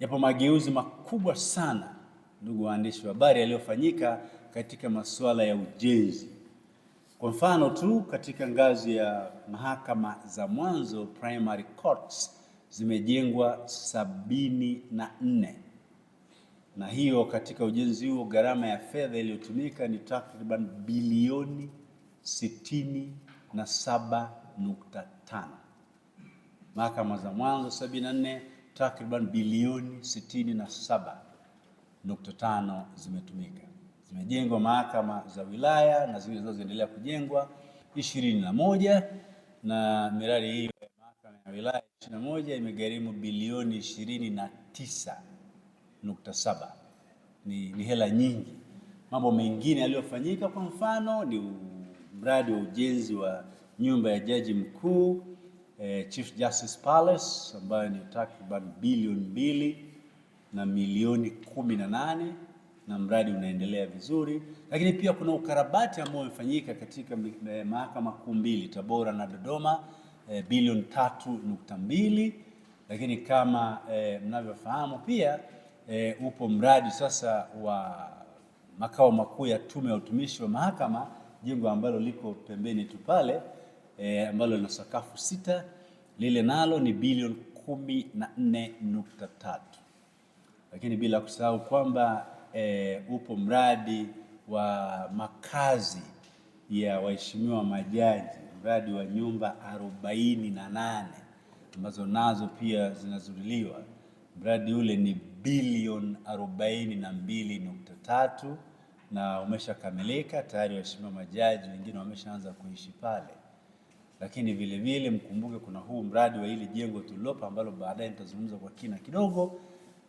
Yapo mageuzi makubwa sana, ndugu waandishi wa habari, yaliyofanyika katika masuala ya ujenzi. Kwa mfano tu katika ngazi ya mahakama za mwanzo primary courts zimejengwa sabini na nne na hiyo katika ujenzi huo gharama ya fedha iliyotumika ni takriban bilioni sitini na saba nukta tano mahakama za mwanzo sabini na nne takriban bilioni 67.5 zimetumika. Zimejengwa mahakama za wilaya na zile zinazoendelea kujengwa ishirini na moja na miradi hiyo ya mahakama ya wilaya ishirini na moja imegharimu bilioni ishirini na tisa nukta saba. Ni, ni hela nyingi. Mambo mengine yaliyofanyika kwa mfano ni mradi wa ujenzi wa nyumba ya jaji mkuu eh, Chief Justice Palace ambayo ni takriban bilioni mbili na milioni kumi na nane na mradi unaendelea vizuri, lakini pia kuna ukarabati ambao umefanyika katika eh, mahakama kuu mbili Tabora na Dodoma eh, bilioni tatu nukta mbili lakini kama eh, mnavyofahamu pia eh, upo mradi sasa wa makao makuu ya Tume ya Utumishi wa Mahakama, jengo ambalo liko pembeni tu pale. Eh, ambalo lina sakafu sita, lile nalo ni bilioni kumi na nne nukta tatu lakini bila kusahau kwamba eh, upo mradi wa makazi ya waheshimiwa majaji, mradi wa nyumba arobaini na nane ambazo nazo pia zinazuiliwa. Mradi ule ni bilioni arobaini na mbili nukta tatu na umeshakamilika tayari, waheshimiwa majaji wengine wameshaanza kuishi pale lakini vile vile mkumbuke kuna huu mradi wa hili jengo tulilopa ambalo baadaye nitazungumza kwa kina kidogo.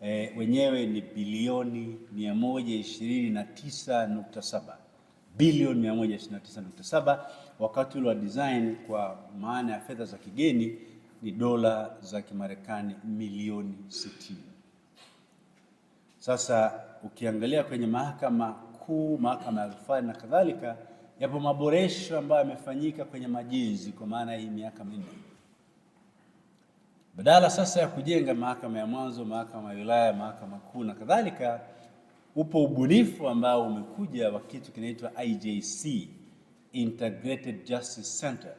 E, wenyewe ni bilioni 129.7 bilioni 129.7. Wakati ule wa design kwa maana ya fedha za kigeni ni dola za Kimarekani milioni 60. Sasa ukiangalia kwenye mahakama kuu, mahakama ya rufaa na kadhalika yapo maboresho ambayo yamefanyika kwenye majenzi kwa maana hii miaka minne. Badala sasa ya kujenga mahakama ya mwanzo, mahakama ya wilaya, mahakama kuu na kadhalika, upo ubunifu ambao umekuja wa kitu kinaitwa IJC, Integrated Justice Center,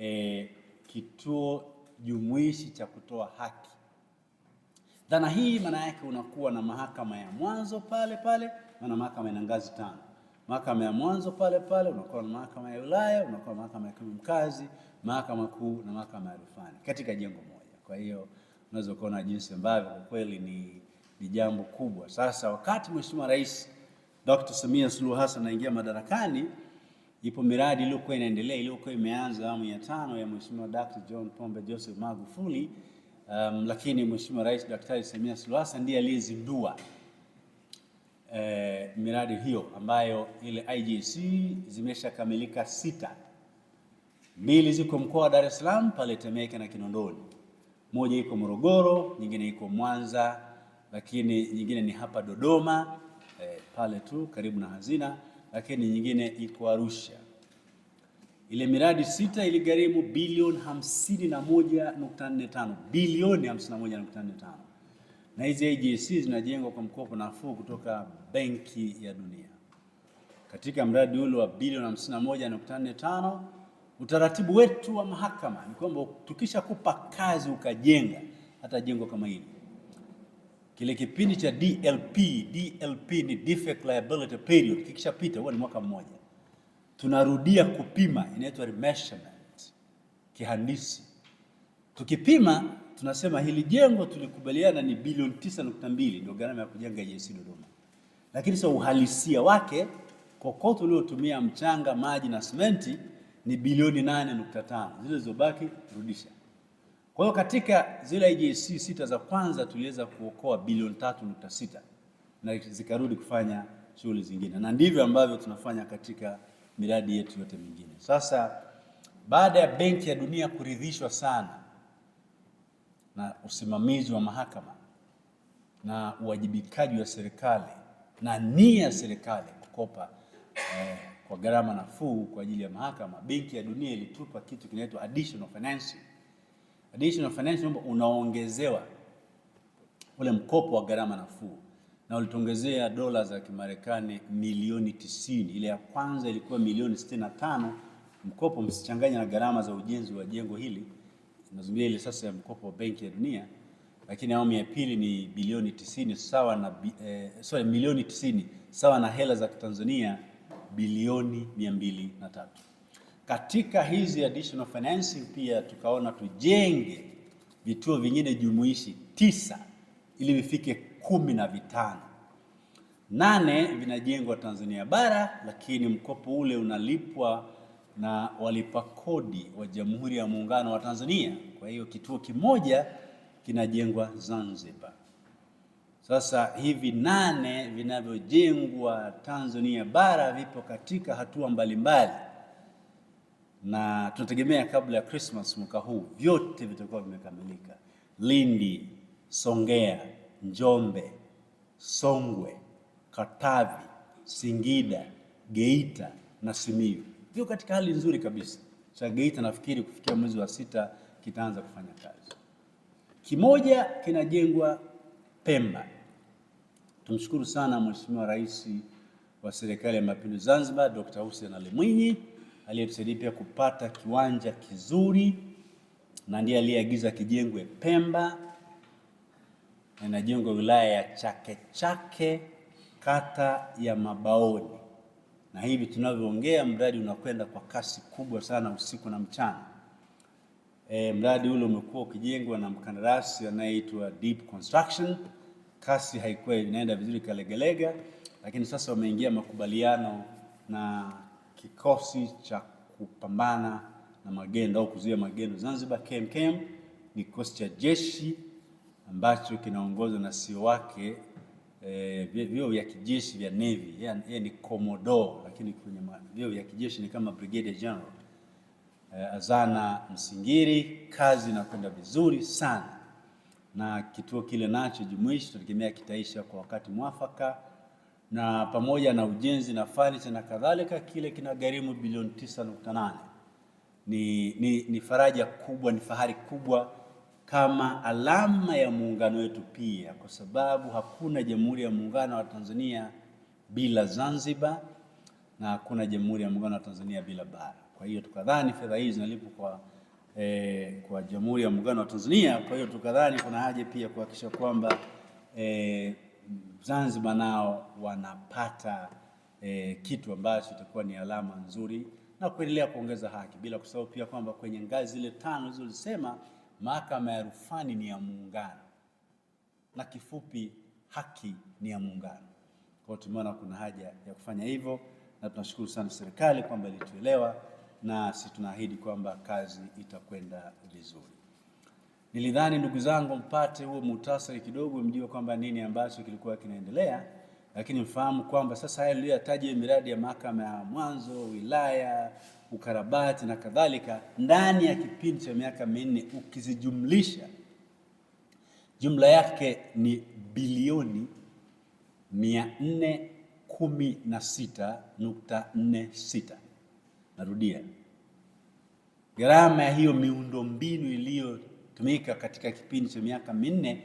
e, kituo jumuishi cha kutoa haki. Dhana hii maana yake unakuwa na mahakama ya mwanzo pale pale, maana mahakama ina ngazi tano mahakama ya mwanzo pale pale, unakuwa na mahakama ya wilaya, unakuwa na mahakama ya kimkazi, mahakama kuu na mahakama ya rufani katika jengo moja. Kwa hiyo unaweza kuona jinsi ambavyo kwa kweli ni, ni jambo kubwa. Sasa wakati Mheshimiwa Rais Dr. Samia Suluhu Hassan anaingia madarakani, ipo miradi iliyokuwa inaendelea iliyokuwa imeanza awamu ya tano ya Mheshimiwa Dr. John Pombe Joseph Magufuli, um, lakini Mheshimiwa Rais Daktari Samia Suluhu Hassan ndiye aliyezindua eh, miradi hiyo ambayo ile IGC zimeshakamilika sita, mbili ziko mkoa wa Dar es Salaam pale Temeke na Kinondoni, moja iko Morogoro, nyingine iko Mwanza, lakini nyingine ni hapa Dodoma eh, pale tu karibu na hazina, lakini nyingine iko Arusha. Ile miradi sita iligharimu bilioni 51.45 bilioni 51.45 na hizi AGC zinajengwa kwa mkopo nafuu kutoka Benki ya Dunia katika mradi ule wa bilioni 51.45. Utaratibu wetu wa mahakama ni kwamba tukishakupa kazi ukajenga hata jengo kama hili, kile kipindi cha DLP, DLP ni defect liability period, kikishapita huwa ni mwaka mmoja, tunarudia kupima, inaitwa remeasurement kihandisi, tukipima tunasema hili jengo tulikubaliana ni bilioni 9.2 ndio gharama ya kujenga JSC Dodoma, lakini sasa uhalisia wake kokoto uliotumia mchanga, maji na simenti ni bilioni 8.5, zile zilizobaki turudisha. Kwa hiyo katika zile JSC sita za kwanza tuliweza kuokoa bilioni 3.6 na zikarudi kufanya shughuli zingine, na ndivyo ambavyo tunafanya katika miradi yetu yote mingine. Sasa baada ya Benki ya Dunia kuridhishwa sana na usimamizi wa mahakama na uwajibikaji wa serikali na nia ya serikali kukopa eh, kwa gharama nafuu kwa ajili ya mahakama. Benki ya Dunia ilitupa kitu kinaitwa additional financing. Additional financing unaongezewa ule mkopo wa gharama nafuu na ulituongezea dola za Kimarekani milioni tisini. Ile ya kwanza ilikuwa milioni sitini tano. Mkopo msichanganya na gharama za ujenzi wa jengo hili tunazungumzia ile sasa ya mkopo wa Benki ya Dunia, lakini awamu ya pili ni bilioni tisini sawa na eh, sorry milioni tisini sawa na hela za Tanzania bilioni na tatu Katika hizi additional financing pia tukaona tujenge vituo vingine jumuishi tisa ili vifike kumi na vitano. Nane vinajengwa Tanzania bara, lakini mkopo ule unalipwa na walipa kodi wa Jamhuri ya Muungano wa Tanzania. Kwa hiyo kituo kimoja kinajengwa Zanzibar. Sasa hivi nane vinavyojengwa Tanzania bara vipo katika hatua mbalimbali mbali, na tunategemea kabla ya Christmas mwaka huu vyote vitakuwa vimekamilika. Lindi, Songea, Njombe, Songwe, Katavi, Singida, Geita na Simiyu. Ndio katika hali nzuri kabisa. Cha Geita nafikiri kufikia mwezi wa sita kitaanza kufanya kazi. Kimoja kinajengwa Pemba. Tumshukuru sana Mheshimiwa Rais wa Serikali ya Mapinduzi Zanzibar Dr. Hussein Ali Mwinyi aliyetusaidia pia kupata kiwanja kizuri na ndiye aliyeagiza kijengwe Pemba, na inajengwa wilaya ya Chake Chake, kata ya Mabaoni na hivi tunavyoongea mradi unakwenda kwa kasi kubwa sana usiku na mchana. E, mradi ule umekuwa ukijengwa na mkandarasi anayeitwa Deep Construction. Kasi haikuwa inaenda vizuri kalegelega, lakini sasa wameingia makubaliano na kikosi cha kupambana na magendo au kuzuia magendo Zanzibar, KMKM, ni kikosi cha jeshi ambacho kinaongozwa na CEO wake eh, vya kijeshi vya navy yeye ni commodore, lakini kwenye vyo vya kijeshi ni kama brigadier general. Eh, azana Msingiri, kazi inakwenda vizuri sana, na kituo kile nacho jumuishi tunategemea kitaisha kwa wakati mwafaka, na pamoja na ujenzi na furniture na kadhalika, kile kina gharimu bilioni 9.8. Ni, ni, ni faraja kubwa, ni fahari kubwa kama alama ya muungano wetu pia, kwa sababu hakuna Jamhuri ya Muungano wa Tanzania bila Zanzibar na hakuna Jamhuri ya Muungano wa Tanzania bila bara. Kwa hiyo tukadhani fedha hizi zinalipwa kwa eh, kwa Jamhuri ya Muungano wa Tanzania. Kwa hiyo tukadhani kuna haja pia kuhakikisha kwamba eh, Zanzibar nao wanapata eh, kitu ambacho itakuwa ni alama nzuri na kuendelea kuongeza haki bila kusahau pia kwamba kwenye ngazi zile tano zilizosema mahakama ya rufani ni ya muungano, na kifupi haki ni ya muungano. Kwa hiyo tumeona kuna haja ya kufanya hivyo, na tunashukuru sana serikali kwamba ilituelewa, na sisi tunaahidi kwamba kazi itakwenda vizuri. Nilidhani ndugu zangu, mpate huo muhtasari kidogo, mjue kwamba nini ambacho kilikuwa kinaendelea, lakini mfahamu kwamba sasa haya niliyoyataja, miradi ya mahakama ya mwanzo wilaya ukarabati na kadhalika, ndani ya kipindi cha miaka minne ukizijumlisha, jumla yake ni bilioni 416.46. Narudia, gharama ya hiyo miundombinu iliyotumika katika kipindi cha miaka minne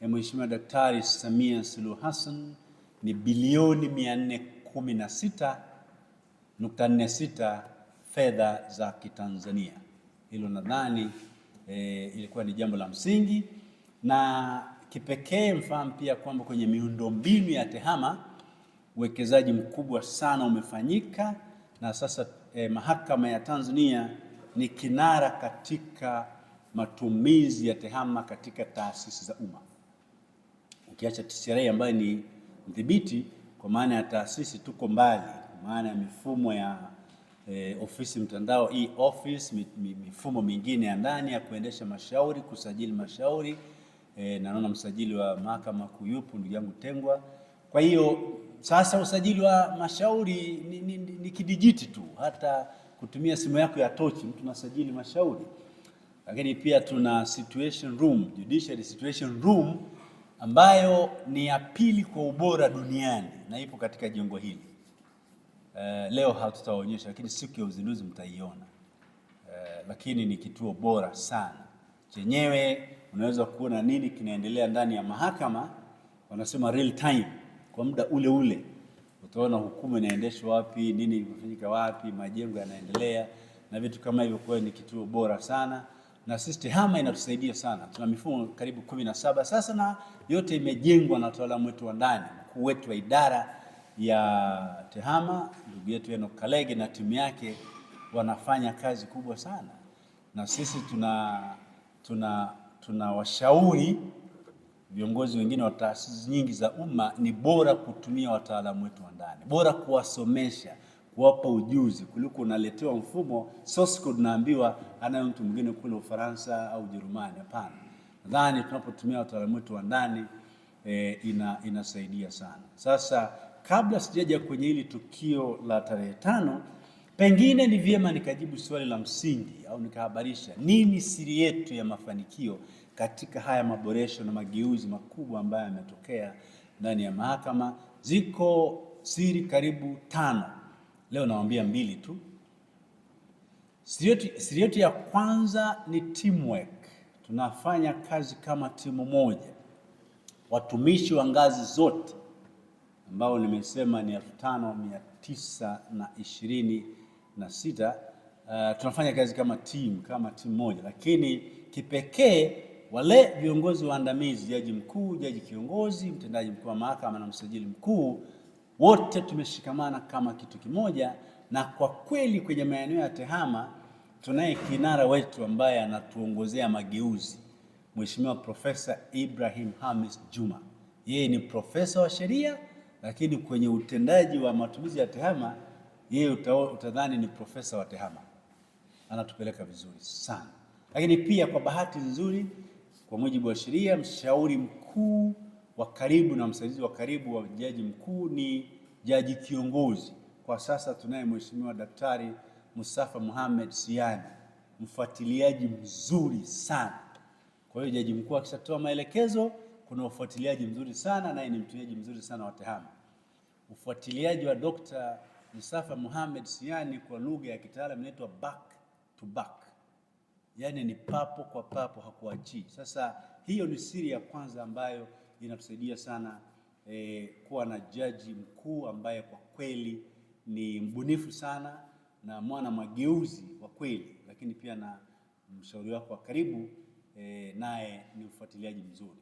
ya Mheshimiwa Daktari Samia Suluhu Hassan ni bilioni 416.46 fedha za Kitanzania. Hilo nadhani e, ilikuwa ni jambo la msingi na kipekee. Mfahamu pia kwamba kwenye miundombinu ya TEHAMA uwekezaji mkubwa sana umefanyika na sasa e, mahakama ya Tanzania ni kinara katika matumizi ya TEHAMA katika taasisi za umma, ukiacha TCRA ambayo ni mdhibiti, kwa maana ya taasisi tuko mbali, kwa maana ya mifumo ya e, ofisi mtandao e office, mifumo mingine ya ndani ya kuendesha mashauri, kusajili mashauri e, na naona msajili wa mahakama kuu yupo ndugu yangu Tengwa. Kwa hiyo sasa usajili wa mashauri ni, ni, ni, ni kidijiti tu, hata kutumia simu yako ya tochi mtu nasajili mashauri, lakini pia tuna situation room, judiciary situation room ambayo ni ya pili kwa ubora duniani na ipo katika jengo hili. Eh, leo hatutaonyesha lakini siku ya uzinduzi mtaiona. Uh, lakini ni kituo bora sana chenyewe, unaweza kuona nini kinaendelea ndani ya mahakama, wanasema real time, kwa muda ule ule utaona hukumu inaendeshwa wapi, nini imefanyika wapi, majengo yanaendelea na vitu kama hivyo. Kwa ni kituo bora sana na sisi TEHAMA inatusaidia sana, tuna mifumo karibu kumi na saba sasa na yote imejengwa na wataalamu wetu wa ndani, mkuu wetu wa idara ya TEHAMA, ndugu yetu Eno Kalege na timu yake wanafanya kazi kubwa sana, na sisi tuna tuna tunawashauri viongozi wengine wa taasisi nyingi za umma, ni bora kutumia wataalamu wetu wa ndani, bora kuwasomesha, kuwapa ujuzi kuliko unaletewa mfumo source code, naambiwa anayo mtu mwingine kule Ufaransa au Ujerumani. Hapana, nadhani tunapotumia wataalamu wetu wa ndani e, ina, inasaidia sana sasa kabla sijaja kwenye hili tukio la tarehe tano, pengine ni vyema nikajibu swali la msingi au nikahabarisha nini siri yetu ya mafanikio katika haya maboresho na mageuzi makubwa ambayo yametokea ndani ya mahakama. Ziko siri karibu tano, leo nawaambia mbili tu. Siri yetu ya kwanza ni teamwork. Tunafanya kazi kama timu moja, watumishi wa ngazi zote ambao nimesema ni elfu tano mia tisa na ishirini na sita. Uh, tunafanya kazi kama timu kama timu moja, lakini kipekee wale viongozi waandamizi, jaji mkuu, jaji kiongozi, mtendaji mkuu wa mahakama na msajili mkuu, wote tumeshikamana kama kitu kimoja, na kwa kweli kwenye maeneo ya tehama tunaye kinara wetu ambaye anatuongozea mageuzi, Mheshimiwa Profesa Ibrahim Hamis Juma. Yeye ni profesa wa sheria lakini kwenye utendaji wa matumizi ya tehama yeye utadhani ni profesa wa tehama, anatupeleka vizuri sana. Lakini pia kwa bahati nzuri, kwa mujibu wa sheria, mshauri mkuu wa karibu na msaidizi wa karibu wa jaji mkuu ni jaji kiongozi. Kwa sasa tunaye mheshimiwa Daktari Mustafa Muhammad Siani, mfuatiliaji mzuri sana. Kwa hiyo jaji mkuu akishatoa maelekezo kuna ufuatiliaji mzuri sana, naye ni mtumiaji mzuri sana wa TEHAMA. Ufuatiliaji wa Dr. Musafa Muhammad Siani kwa lugha ya kitaalamu inaitwa back to back, yaani ni papo kwa papo, hakuachii. Sasa hiyo ni siri ya kwanza ambayo inatusaidia sana e, kuwa na jaji mkuu ambaye kwa kweli ni mbunifu sana na mwana mageuzi wa kweli, lakini pia na mshauri wako wa karibu e, naye ni ufuatiliaji mzuri.